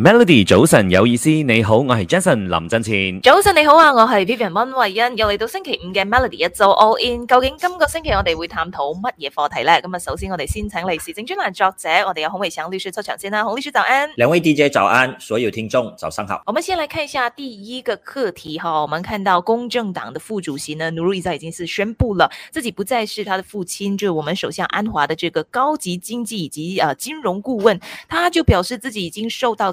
Melody，早晨有意思，你好，我是 Jason 林振前。早晨你好啊，我是 Vivian 溫慧欣，又嚟到星期五嘅 Melody 一周 All In，究竟今個星期我哋會探討乜嘢課題呢？咁啊，首先我哋先請嚟時政專欄作者，我哋有孔偉祥律師出場先啦，啊，孔律師早安。兩位 DJ 早安，所有聽眾早上好。我們先來看一下第一個課題哈，我們看到公正黨的副主席呢 Nurul Izzah 已經是宣布了自己不再是他的父親，就是、我們首相安華的這個高級經濟以及金融顧問，他就表示自己已經受到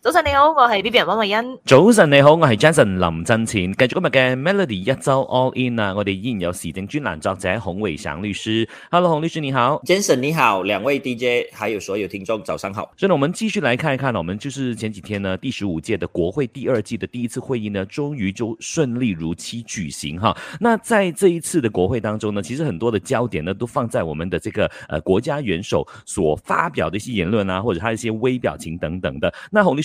早晨你好，我係 B B 人溫慧欣。早晨你好，我係 Jason 林振晴。繼續今日嘅 Melody 一周 All In 啊，我哋依然有時政專欄作者洪偉祥律師。Hello，洪律師你好，Jason 你好，兩位 DJ，還有所有聽眾，早上好。所以呢，我們繼續來看一看。我們就是前幾天呢第十五屆的國會第二季的第一次會議呢，終於就順利如期舉行哈。那在這一次的國會當中呢，其實很多的焦點呢都放在我們的這個，呃國家元首所發表的一些言論啊，或者他一些微表情等等的。那洪律，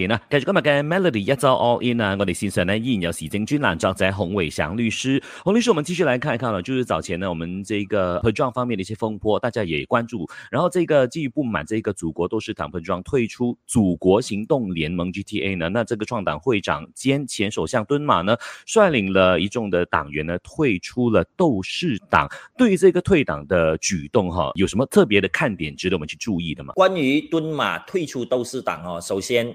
前啦，繼續今日嘅 Melody 一週 All In 啊！我哋線上咧依然有時政專欄作者洪偉祥律師，洪律師，我們繼續來看一看了，就是早前呢，我們這個碰撞方面的一些風波，大家也關注。然後，這個基於不滿，這個祖國鬥士黨碰撞退出祖國行動聯盟 GTA 呢？那這個創黨會長兼前首相敦馬呢，率領了一眾的黨員呢，退出了鬥士黨。對於這個退黨的舉動，哈，有什麼特別的看點值得我們去注意的嗎？關於敦馬退出鬥士黨，哦，首先。